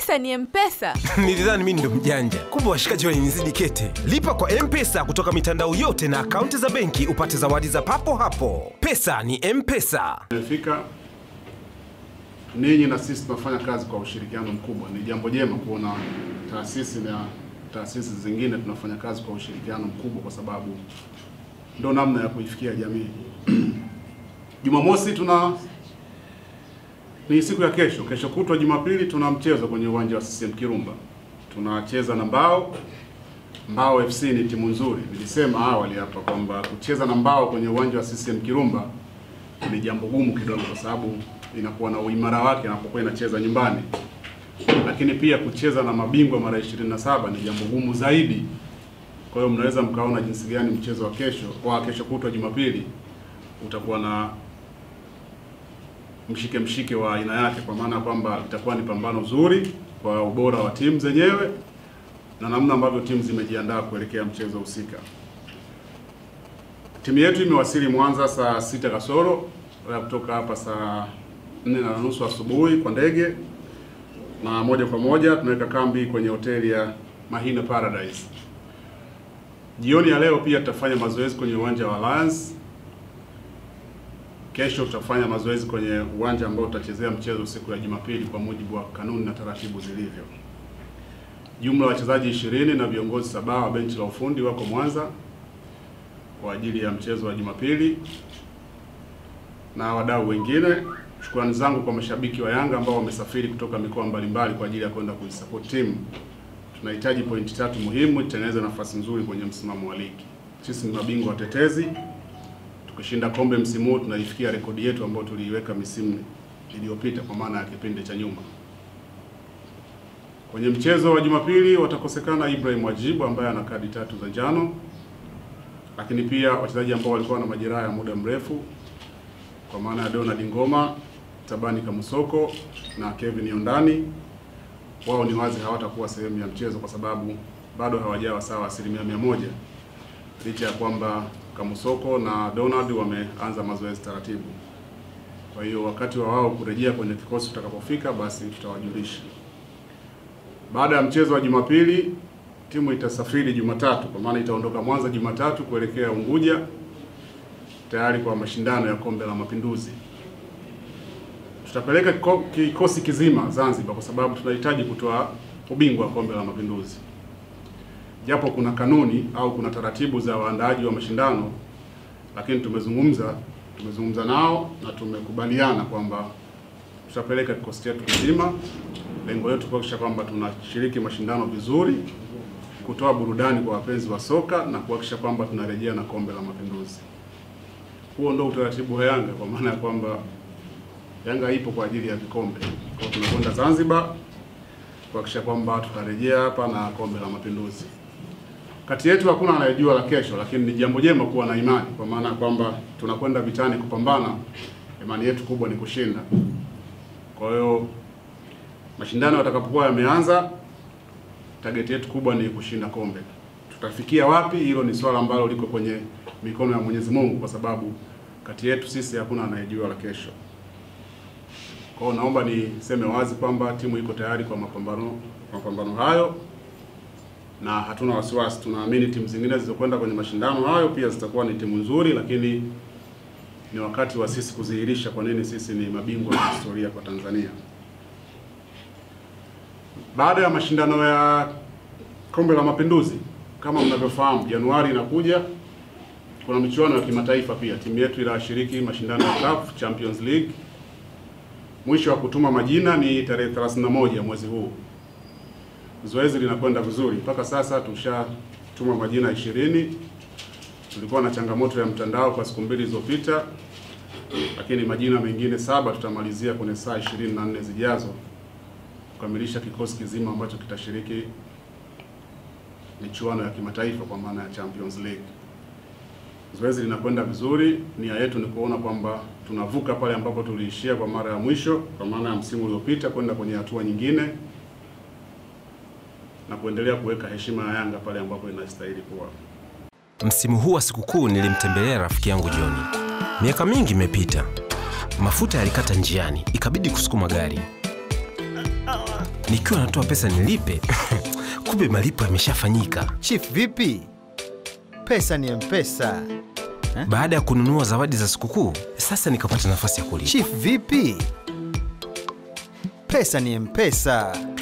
Pesa ni Mpesa. Nilidhani mimi ndo mjanja, kumbe washikaji walinizidi kete. Lipa kwa Mpesa kutoka mitandao yote na akaunti za benki upate zawadi za papo hapo. Pesa ni Mpesa. Nimefika ninyi na sisi tunafanya kazi kwa ushirikiano mkubwa. Ni jambo jema kuona taasisi na taasisi zingine tunafanya kazi kwa ushirikiano mkubwa, kwa sababu ndo namna ya kuifikia jamii. Jumamosi tuna ni siku ya kesho, kesho kutwa Jumapili tuna mchezo kwenye uwanja wa CCM Kirumba, tunacheza na Mbao. Mbao FC ni timu nzuri, nilisema awali hapa kwamba kucheza na Mbao kwenye uwanja wa CCM Kirumba ni jambo gumu kidogo, kwa sababu inakuwa na uimara wake inapokuwa inacheza nyumbani, lakini pia kucheza na mabingwa mara 27 ni jambo gumu zaidi. Kwa hiyo mnaweza mkaona jinsi gani mchezo wa kesho wa kesho kutwa Jumapili utakuwa na mshike mshike wa aina yake, kwa maana kwamba itakuwa ni pambano zuri kwa ubora wa timu zenyewe na namna ambavyo timu zimejiandaa kuelekea mchezo husika. Timu yetu imewasili Mwanza saa sita kasoro eh, kutoka hapa saa nne na nusu asubuhi kwa ndege, na moja kwa moja tunaweka kambi kwenye hoteli ya Mahina Paradise. Jioni ya leo pia tutafanya mazoezi kwenye uwanja wa Alliance Kesho tutafanya mazoezi kwenye uwanja ambao tutachezea mchezo siku ya Jumapili kwa mujibu wa kanuni na taratibu zilivyo. Jumla wachezaji ishirini na viongozi saba wa benchi la ufundi wako Mwanza kwa ajili ya mchezo wa Jumapili na wadau wengine. Shukrani zangu kwa mashabiki wa Yanga ambao wamesafiri kutoka mikoa mbalimbali kwa ajili ya kwenda kuisupport timu. Tunahitaji pointi tatu muhimu itengeneze nafasi nzuri kwenye msimamo wa ligi. Sisi ni mabingwa watetezi kushinda kombe msimu huu tunaifikia rekodi yetu ambayo tuliiweka misimu iliyopita kwa maana ya kipindi cha nyuma. Kwenye mchezo wa Jumapili watakosekana Ibrahim Wajibu ambaye ana kadi tatu za njano, lakini pia wachezaji ambao walikuwa na majeraha ya muda mrefu kwa maana ya Donald Ngoma, Tabani Kamusoko na Kevin Yondani, wao ni wazi hawatakuwa sehemu ya mchezo kwa sababu bado hawajawa sawa asilimia mia moja licha ya kwamba Kamusoko na Donald wameanza mazoezi taratibu. Kwa hiyo wakati wa wao kurejea kwenye kikosi tutakapofika, basi tutawajulisha. Baada ya mchezo wa Jumapili, timu itasafiri Jumatatu, kwa maana itaondoka Mwanza Jumatatu kuelekea Unguja tayari kwa mashindano ya Kombe la Mapinduzi. Tutapeleka kikosi kizima Zanzibar kwa sababu tunahitaji kutoa ubingwa wa Kombe la Mapinduzi japo kuna kanuni au kuna taratibu za waandaaji wa mashindano, lakini tumezungumza tumezungumza nao na tumekubaliana kwamba tutapeleka kikosi chetu kizima. Lengo letu kuhakikisha kwamba tunashiriki mashindano vizuri, kutoa burudani kwa wapenzi wa soka na kuhakikisha kwamba tunarejea na kombe la Mapinduzi. Huo ndio utaratibu wa Yanga, kwa maana ya kwamba Yanga ipo kwa ajili ya vikombe. Kwa tunakwenda Zanzibar kuhakikisha kwamba tutarejea hapa na kombe la Mapinduzi. Kati yetu hakuna anayejua la kesho, lakini ni jambo jema kuwa na imani, kwa maana kwamba tunakwenda vitani kupambana. Imani yetu kubwa ni kushinda. Kwa hiyo mashindano yatakapokuwa yameanza, target yetu kubwa ni kushinda kombe. Tutafikia wapi, hilo ni swala ambalo liko kwenye mikono ya Mwenyezi Mungu, kwa sababu kati yetu sisi hakuna anayejua la kesho. Kwa hiyo naomba niseme wazi kwamba timu iko tayari kwa mapambano mapambano hayo na hatuna wasiwasi. Tunaamini timu zingine zilizokwenda kwenye mashindano hayo pia zitakuwa ni timu nzuri, lakini ni wakati wa sisi kudhihirisha kwa nini sisi ni mabingwa wa historia kwa Tanzania. Baada ya mashindano ya Kombe la Mapinduzi, kama mnavyofahamu, Januari inakuja, kuna michuano ya kimataifa pia. Timu yetu inashiriki mashindano ya CAF Champions League. Mwisho wa kutuma majina ni tarehe 31 mwezi huu. Zoezi linakwenda vizuri mpaka sasa, tushatuma majina ishirini. Tulikuwa na changamoto ya mtandao kwa siku mbili zilizopita, lakini majina mengine saba tutamalizia kwenye saa ishirini na nne zijazo kukamilisha kikosi kizima ambacho kitashiriki michuano ya kimataifa kwa maana ya Champions League. Zoezi linakwenda vizuri. Nia yetu ni kuona kwamba tunavuka pale ambapo tuliishia kwa mara ya mwisho, kwa maana ya msimu uliopita, kwenda kwenye hatua nyingine na kuendelea kuweka heshima ya Yanga pale ambapo inastahili kuwa. Msimu huu wa sikukuu nilimtembelea rafiki yangu Joni. Miaka mingi imepita, mafuta yalikata njiani, ikabidi kusukuma gari. Nikiwa natoa pesa nilipe, kumbe malipo yameshafanyika. Chief vipi? Pesa ni mpesa. Baada ya kununua zawadi za sikukuu, sasa nikapata nafasi ya kulipa. Chief vipi? Pesa ni mpesa.